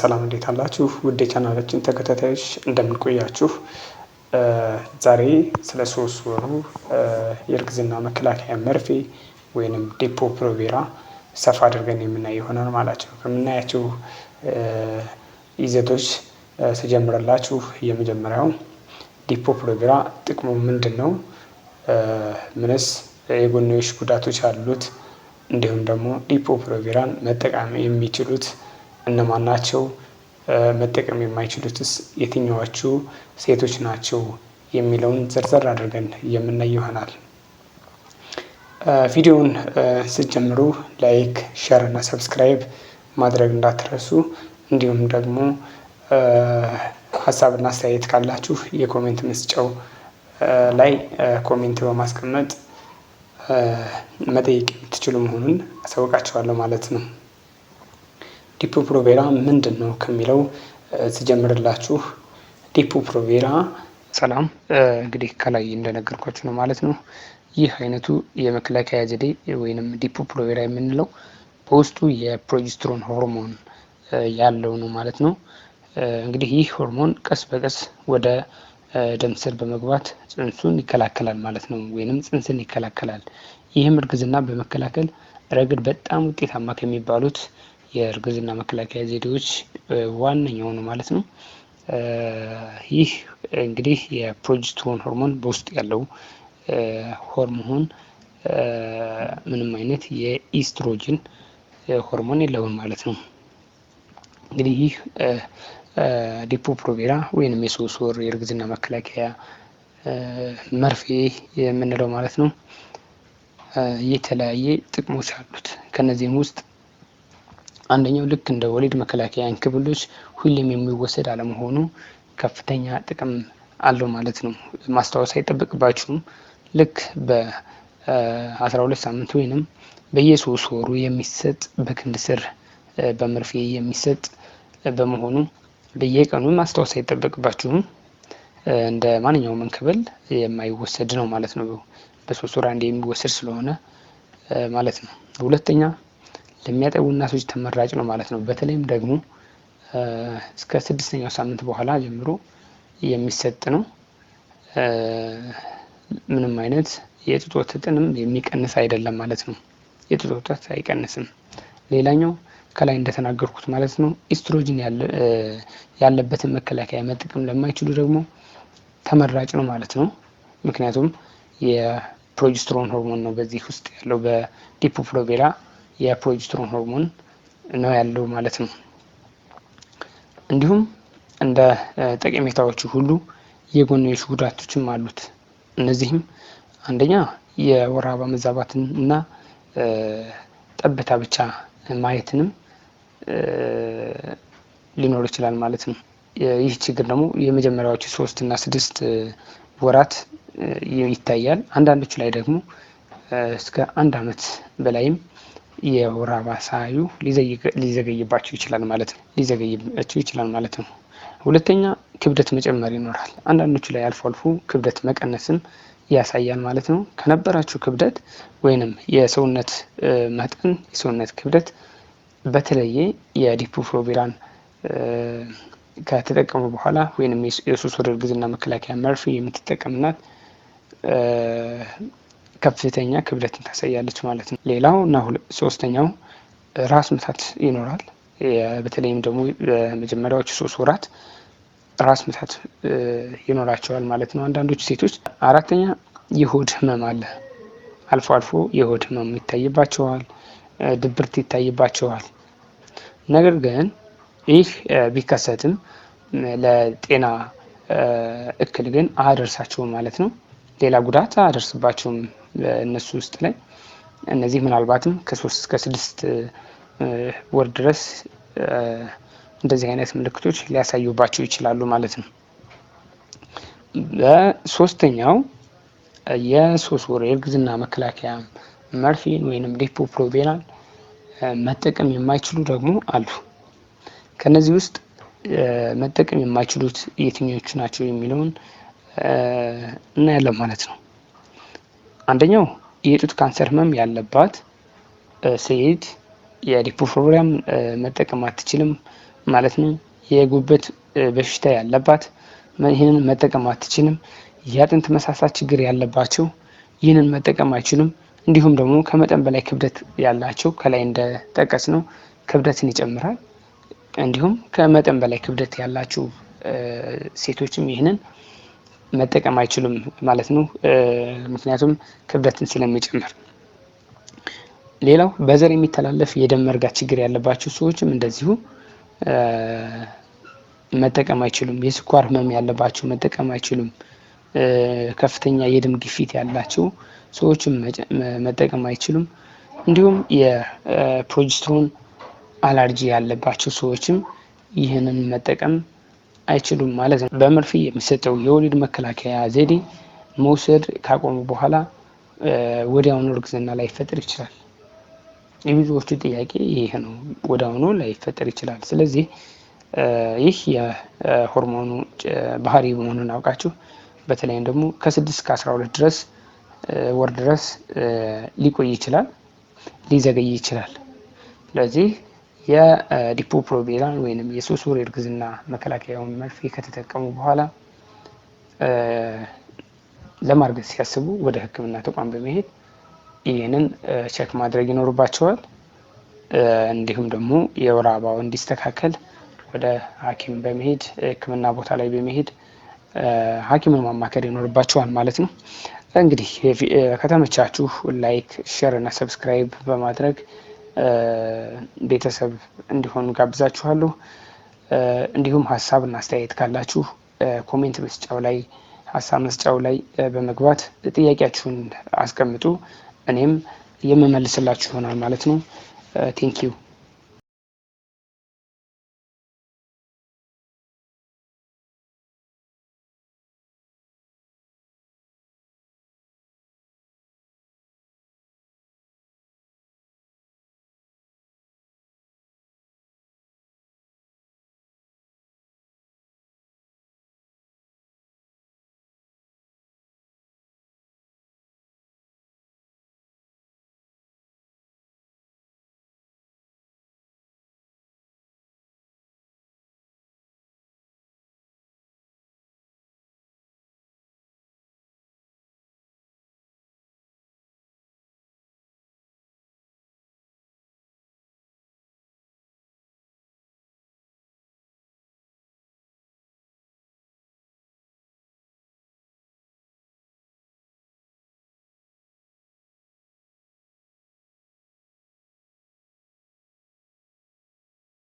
ሰላም እንዴት አላችሁ? ውድ የቻናላችን ተከታታዮች እንደምንቆያችሁ። ዛሬ ስለ ሶስት ወሩ የእርግዝና መከላከያ መርፌ ወይንም ዲፖ ፕሮቬራ ሰፋ አድርገን የምናይ ይሆናል ማለት ነው። ከምናያቸው ይዘቶች ስጀምረላችሁ የመጀመሪያው ዲፖ ፕሮቬራ ጥቅሙ ምንድን ነው? ምንስ የጎንዮሽ ጉዳቶች አሉት? እንዲሁም ደግሞ ዴpo-ፕሮቬራን መጠቀም የሚችሉት እነማን ናቸው? መጠቀም የማይችሉትስ የትኛዎቹ ሴቶች ናቸው? የሚለውን ዘርዘር አድርገን የምናይ ይሆናል። ቪዲዮውን ስትጀምሩ ላይክ፣ ሸር እና ሰብስክራይብ ማድረግ እንዳትረሱ እንዲሁም ደግሞ ሀሳብና አስተያየት ካላችሁ የኮሜንት መስጫው ላይ ኮሜንት በማስቀመጥ መጠየቅ የምትችሉ መሆኑን አሳውቃችኋለሁ ማለት ነው። ፕሮቬራ ምንድን ነው ከሚለው ስጀምርላችሁ ፕሮቬራ ሰላም፣ እንግዲህ ከላይ እንደነገርኳችሁ ነው ማለት ነው። ይህ አይነቱ የመከላከያ ዘዴ ወይንም ፕሮቬራ የምንለው በውስጡ የፕሮጀስትሮን ሆርሞን ያለው ነው ማለት ነው። እንግዲህ ይህ ሆርሞን ቀስ በቀስ ወደ ደም ስር በመግባት ጽንሱን ይከላከላል ማለት ነው፣ ወይንም ጽንስን ይከላከላል። ይህም እርግዝና በመከላከል ረገድ በጣም ውጤታማ ከሚባሉት የእርግዝና መከላከያ ዘዴዎች ዋነኛው ነው ማለት ነው። ይህ እንግዲህ የፕሮጀክቶን ሆርሞን በውስጥ ያለው ሆርሞን ምንም አይነት የኢስትሮጅን ሆርሞን የለውም ማለት ነው። እንግዲህ ይህ ፕሮቬራ ወይንም የሶስት ወር የእርግዝና መከላከያ መርፌ የምንለው ማለት ነው የተለያየ ጥቅሞች አሉት። ከነዚህም ውስጥ አንደኛው ልክ እንደ ወሊድ መከላከያ እንክብሎች ሁሌም የሚወሰድ አለመሆኑ ከፍተኛ ጥቅም አለው ማለት ነው። ማስታወስ አይጠበቅባችሁም። ልክ በ12 ሳምንት ወይንም በየሶስት ወሩ የሚሰጥ በክንድ ስር በመርፌ የሚሰጥ በመሆኑ በየቀኑ ማስታወስ አይጠበቅባችሁም። እንደ ማንኛውም እንክብል የማይወሰድ ነው ማለት ነው። በሶስት ወር አንድ የሚወሰድ ስለሆነ ማለት ነው። ሁለተኛ ለሚያጠቡ እናቶች ተመራጭ ነው ማለት ነው። በተለይም ደግሞ እስከ ስድስተኛው ሳምንት በኋላ ጀምሮ የሚሰጥ ነው። ምንም አይነት የጡት ወተትንም የሚቀንስ አይደለም ማለት ነው። የጡት ወተት አይቀንስም። ሌላኛው ከላይ እንደተናገርኩት ማለት ነው ኢስትሮጅን ያለበትን መከላከያ መጠቀም ለማይችሉ ደግሞ ተመራጭ ነው ማለት ነው። ምክንያቱም የፕሮጀስትሮን ሆርሞን ነው በዚህ ውስጥ ያለው በዲፖፕሮቬራ የፕሮጅስትሮን ሆርሞን ነው ያለው ማለት ነው። እንዲሁም እንደ ጠቀሜታዎቹ ሁሉ የጎንዮሽ ጉዳቶችም አሉት። እነዚህም አንደኛ የወር አበባ መዛባትን እና ጠብታ ብቻ ማየትንም ሊኖር ይችላል ማለት ነው። ይህ ችግር ደግሞ የመጀመሪያዎቹ ሶስት እና ስድስት ወራት ይታያል። አንዳንዶቹ ላይ ደግሞ እስከ አንድ አመት በላይም የወር አባሳዩ ሊዘገይባቸው ይችላል ማለት ነው። ሊዘገይባቸው ይችላል ማለት ነው። ሁለተኛ ክብደት መጨመር ይኖራል። አንዳንዶቹ ላይ አልፎ አልፎ ክብደት መቀነስም ያሳያል ማለት ነው። ከነበራችሁ ክብደት ወይንም የሰውነት መጠን የሰውነት ክብደት በተለየ የዲፕሮቪራን ከተጠቀሙ በኋላ ወይንም የሱስ ወደ እርግዝና መከላከያ መርፌ የምትጠቀምናት ከፍተኛ ክብደትን ታሳያለች ማለት ነው። ሌላው እና ሶስተኛው ራስ ምታት ይኖራል። በተለይም ደግሞ በመጀመሪያዎቹ ሶስት ወራት ራስ ምታት ይኖራቸዋል ማለት ነው። አንዳንዶቹ ሴቶች አራተኛ የሆድ ህመም አለ። አልፎ አልፎ የሆድ ህመም ይታይባቸዋል፣ ድብርት ይታይባቸዋል። ነገር ግን ይህ ቢከሰትም ለጤና እክል ግን አያደርሳቸውም ማለት ነው። ሌላ ጉዳት አያደርስባቸውም። እነሱ ውስጥ ላይ እነዚህ ምናልባትም ከሶስት እስከ ስድስት ወር ድረስ እንደዚህ አይነት ምልክቶች ሊያሳዩባቸው ይችላሉ ማለት ነው። በሶስተኛው የሶስት ወር የእርግዝና መከላከያ መርፌን ወይንም ፕሮቤናል መጠቀም የማይችሉ ደግሞ አሉ። ከነዚህ ውስጥ መጠቀም የማይችሉት የትኞቹ ናቸው የሚለውን እናያለን ማለት ነው። አንደኛው የጡት ካንሰር ህመም ያለባት ሴት ፕሮግራም መጠቀም አትችልም ማለት ነው። የጉበት በሽታ ያለባት ይህንን መጠቀም አትችልም። የአጥንት መሳሳት ችግር ያለባቸው ይህንን መጠቀም አይችሉም። እንዲሁም ደግሞ ከመጠን በላይ ክብደት ያላቸው ከላይ እንደጠቀስ ነው ክብደትን ይጨምራል። እንዲሁም ከመጠን በላይ ክብደት ያላቸው ሴቶችም ይህንን መጠቀም አይችሉም ማለት ነው። ምክንያቱም ክብደትን ስለሚጨምር። ሌላው በዘር የሚተላለፍ የደም መርጋት ችግር ያለባቸው ሰዎችም እንደዚሁ መጠቀም አይችሉም። የስኳር ህመም ያለባቸው መጠቀም አይችሉም። ከፍተኛ የደም ግፊት ያላቸው ሰዎችም መጠቀም አይችሉም። እንዲሁም የፕሮጅስትሮን አላርጂ ያለባቸው ሰዎችም ይህንን መጠቀም አይችሉም ማለት ነው። በመርፌ የሚሰጠው የወሊድ መከላከያ ዘዴ መውሰድ ካቆሙ በኋላ ወዲያውኑ እርግዝና ላይፈጠር ይችላል። የብዙዎቹ ጥያቄ ይህ ነው፣ ወዲያውኑ ላይፈጠር ይችላል። ስለዚህ ይህ የሆርሞኑ ባህሪ መሆኑን አውቃችሁ በተለይም ደግሞ ከስድስት ከአስራ ሁለት ድረስ ወር ድረስ ሊቆይ ይችላል፣ ሊዘገይ ይችላል። ስለዚህ የዲፖፕሮቤራን ወይም የሶስት እርግዝና መከላከያውን መርፌ ከተጠቀሙ በኋላ ለማርገዝ ሲያስቡ ወደ ሕክምና ተቋም በመሄድ ይህንን ቸክ ማድረግ ይኖርባቸዋል። እንዲሁም ደግሞ የወር አበባው እንዲስተካከል ወደ ሐኪም በመሄድ ሕክምና ቦታ ላይ በመሄድ ሐኪምን ማማከር ይኖርባቸዋል ማለት ነው። እንግዲህ ከተመቻችሁ ላይክ፣ ሼር እና ሰብስክራይብ በማድረግ ቤተሰብ እንዲሆኑ ጋብዛችኋለሁ። እንዲሁም ሀሳብና አስተያየት ካላችሁ ኮሜንት መስጫው ላይ ሀሳብ መስጫው ላይ በመግባት ጥያቄያችሁን አስቀምጡ። እኔም የምመልስላችሁ ይሆናል ማለት ነው። ቴንኪዩ